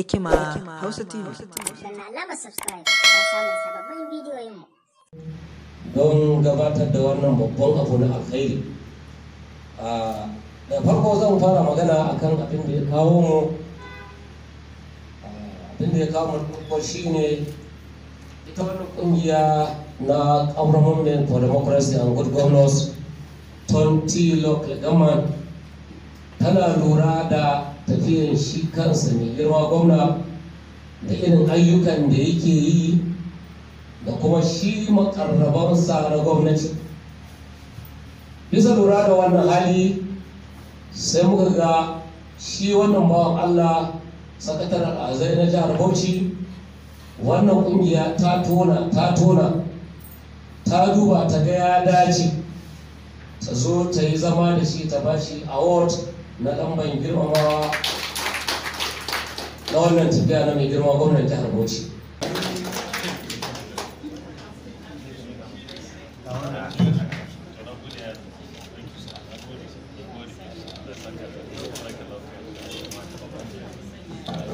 hikima hausa tv don gabatar da wannan babban abu na alkhairi da farko zan fara magana akan abin da ya kawo mu abin da ya kawo mu shine ita wannan kungiya na ƙaurar movement for democracy and good governance 20 local government tana lura da tafiyan shi kansa mai girma gwamna da irin ayyukan da yake yi da kuma shi makarrabansa na gwamnati bisa lura da wannan hali sai muka ga shi wannan bawan allah sakataren azai na jihar bauchi wannan kungiya ta tona ta tona ta duba ta ga ya dace ta zo ta yi zama da shi ta bashi award na ɗan girmamawa na wannan tafiya na mai girma gwamnan jihar bauchi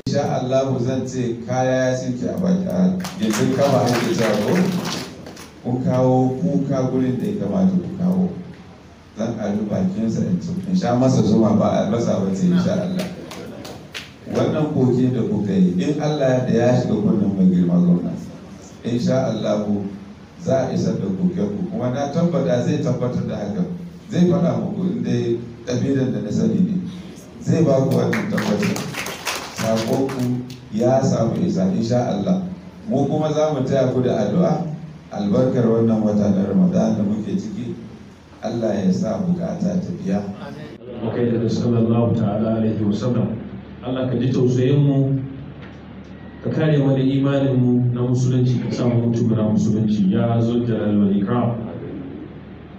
insha Allah zan ce kaya ya sinke a gindin kama ake jago kun kawo kuka gurin da ya kamata ku kawo zan bakin bakinsa in sha masa zuma ba a rasa ba ce insha Allah wannan koke da kuka yi in Allah da ya shiga kunnen mai girma gwamna insha Allah za a isar da kokenku ku kuma na tabbata zai tabbatar da haka zai faɗa muku in dai da na sani ne zai ba ku wannan tabbatar sakon ya samu isa insha Allah mu kuma za mu taya ku da addu'a albarkar wannan wata na Ramadan da muke ciki Allah ya sa bukata ta biya akai da sallallahu ta'ala alaihi wasallam Allah ka ji tausayin mu ka kare mana imanin mu na musulunci ka sa mutum na musulunci ya zo da ikram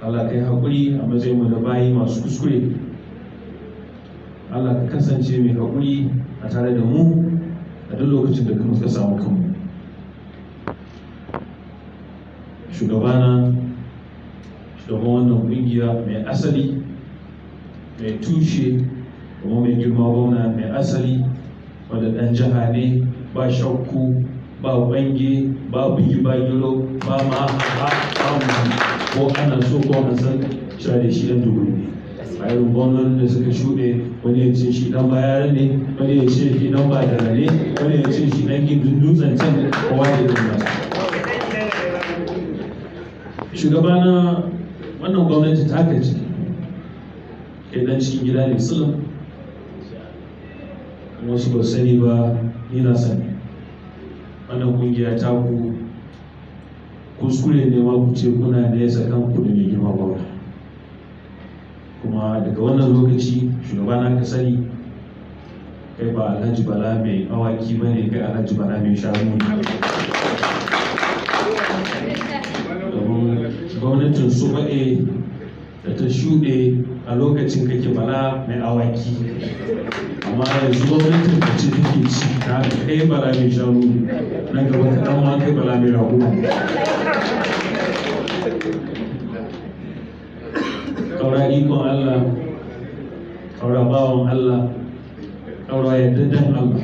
Allah kai hakuri a matsayin mu da bayi masu kuskure Allah ka kasance mai hakuri a tare da mu a duk lokacin da kuma ka samu kanmu shugabana domin wannan ƙungiya mai asali mai tushe kuma mai girma gwamna mai asali wadda ɗan jiha ne ba shakku ba wange ba bugi ba gilo ba ma ba ko ana so ko an san cewa da shi ɗan dubu ne a irin gwamnan da suka shuɗe wani ya ce shi ɗan bayar ne wani ya ce shi ɗan ba da ne wani ya ce shi ɗan gindin dutsen can kowa da ɗan ba shugabana wannan gwamnati ta kaci kai dan cikin gida ne kuma su ba sani ba ni na sani wannan kungiya ta ku kuskure ne ma ku ce kuna nesa ku da mai girma gwamna kuma daga wannan lokaci shugaba na ka sani kai ba alhaji bala mai awaki ba ne kai alhaji bala mai shanu gwamnatin su baɗe da ta shuɗe a lokacin kake bala mai awaki amma yanzu gwamnatin da ce take ci ta kai bala mai shanu nan gaba kaɗan ma kai bala mai rago ƙaura ikon allah ƙaura bawan allah ƙaura yadda dan allah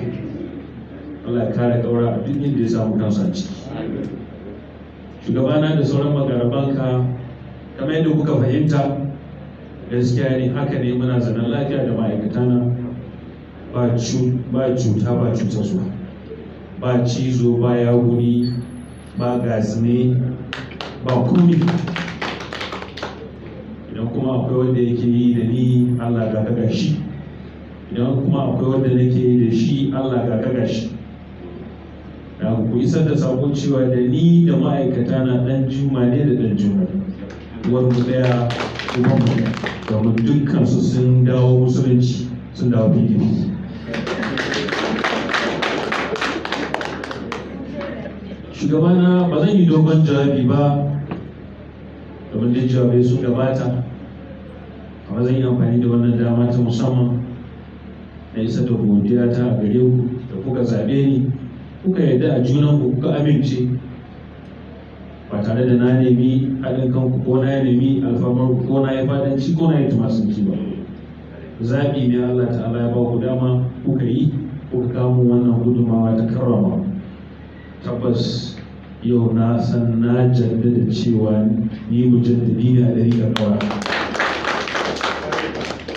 Allah ya kare ƙaura a duk inda ya samu kansa ciki. shugabana da sauran magarabanka kamar yadda kuka fahimta gaskiya ne haka ne muna zanen lafiya da ma'aikata na ba cuta ba cuta su ba cizo ba wuri ba ne ba kuni idan kuma akwai wanda yake yi da ni allah ga shi idan kuma akwai wanda nake da shi allah ga shi ku isar da sabon cewa da ni da ma'aikata na dan juma ne da dan juma wanda daya kuma mu domin dukkan su sun dawo musulunci sun dawo pdp shugabana ba zan yi dogon jawabi ba domin dai jawabe sun gabata amma zan yi amfani da wannan dama ta musamman na isa da godiya ta a gare ku da kuka zaɓe ni kuka yarda a junan ku kuka amince ba tare da na nemi haɗin kanku ko na ya nemi alfamar ku ko na ya fadanci ko na ya tumasanci ba zaɓi ne Allah ta'ala ya ba ku dama kuka yi kuka kamo wannan gudumawa ta karrama tabbas yau na san na jaddada cewa ni mu ne a ɗari da kawai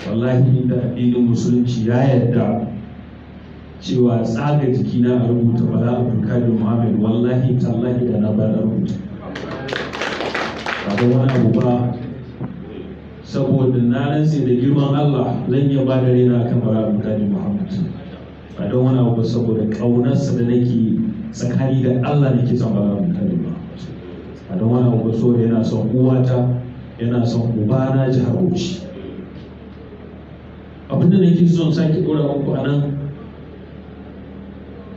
wallahi da addinin musulunci ya yarda cewa tsaga jikina a rubuta bala abdulkadir muhammad wallahi tallahi da na bar rubuta ba wani abu ba saboda na rantse da girman allah zan iya ba da rena akan bala abdulkadir muhammad ba don wani abu saboda ƙaunarsa da nake tsakani da allah nake son bala abdulkadir muhammad ba don wani abu saboda yana son uwata yana son ubana jihar bauchi abinda nake son sake ɗora muku a nan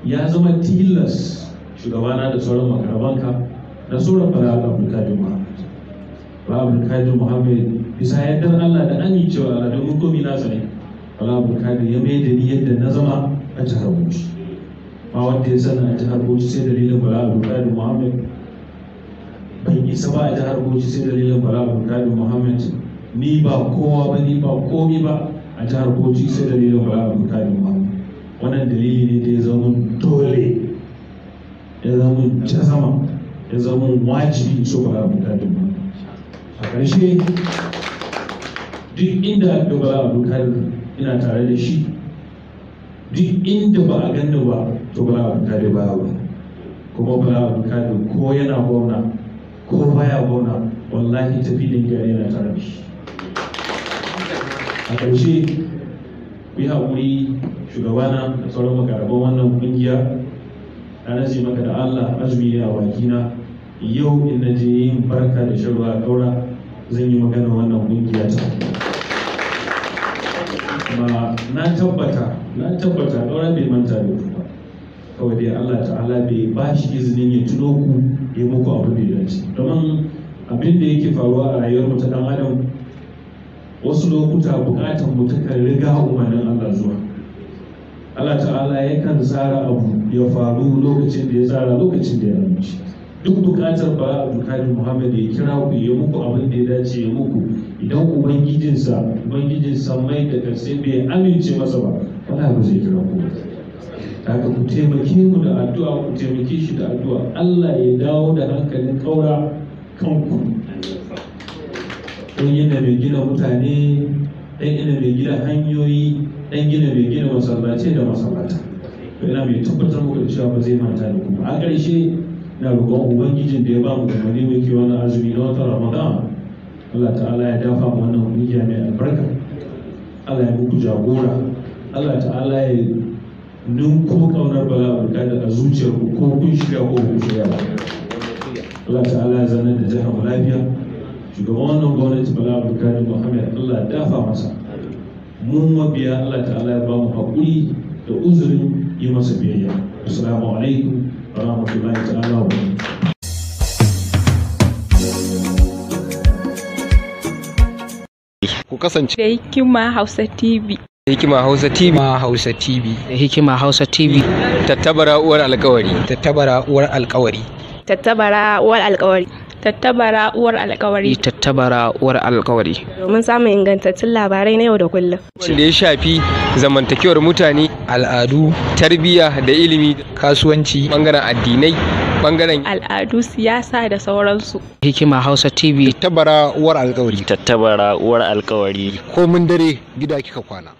ya zama tilas shugabana da sauran makarabanka da sauran fara Muhammadu muhammad fara abdulkadir muhammad bisa yadda allah da an yi cewa da hukumi na sani fara abdulkadir ya mai da niyyar da na zama a jihar bauchi ba wanda ya sana a jihar bauchi sai dalilin fara abdulkadir muhammad ban isa ba a jihar bauchi sai dalilin fara abdulkadir muhammad ni ba kowa ba ni ba komi ba a jihar bauchi sai dalilin fara abdulkadir muhammad wannan dalili ne da ya zama dole ya zama jazama ya zama wajibi in so ba a bukatun ba a ƙarshe duk inda da ba a bukatun ina tare da shi duk inda ba a ganni ba to ba a bukatun ba ba kuma ba a bukatun ko yana gwamna ko baya gwamna wallahi tafi da yana tare da shi a ƙarshe ku yi haƙuri shugabana da sauran makarabar wannan ƙungiya Na ce maka da allah azumi a wakina yau in na je yin barka da shan ruwa ɗaura zan yi magana wannan ƙungiya ta amma na tabbata na tabbata bai manta da ku ba kawai dai allah ta'ala bai ba shi izinin ya tuno ku ya muku abu bai dace domin abin da yake faruwa a rayuwar mu ta ɗan adam wasu lokuta bukatar mu takan riga umarnin Allah zuwa Allah ta'ala yakan tsara abu ya faru lokacin da ya tsara lokacin da ya amince duk bukatar ba bukari Muhammad ya kira ku ya muku abin da ya dace ya muku idan ubangijinsa bangijinsa mai da karshe bai amince masa ba wala ba zai kira ku haka ku taimake mu da addu'a ku taimake shi da addu'a Allah ya dawo da hankalin kaura kanku ɗan yana mai gina mutane ɗan yana mai gina hanyoyi ɗan gina mai gina masallaci da masallata yana mai tabbatar muku da cewa ba zai manta da kuma a ƙarshe na roƙon ubangijin da ya ba mu wani mai ke na azumi na watan ramadan Allah ta'ala ya dafa mu wannan kungiya mai albarka Allah ya muku jagora Allah ta'ala ya ko kaunar bala buka da a zuciyarku ko kun shiga ko kun shiga ba Allah ta'ala ya zanar da jihar lafiya shugaban wannan gwamnati bala bukari muhammad allah dafa masa mun mabiya allah ta'ala ya bamu haƙuri da uzurin yi masa biyayya assalamu alaikum wa rahmatullahi ta'ala wa ku kasance da hikima hausa tv hikima hausa tv ma hausa tv hikima hausa tv tattabara uwar alkawari tattabara uwar alkawari tattabara uwar alkawari Tattabara uwar alkawari. Tattabara uwar alkawari. Domin samun ingantattun labarai na yau da kullum. da ya shafi zamantakewar mutane, al'adu, tarbiyya da ilimi, kasuwanci, bangaren addinai, bangaren al'adu, siyasa da sauransu. Hikima Hausa TV. Tattabara uwar alkawari. Tattabara uwar alkawari. Komin dare gida kika kwana.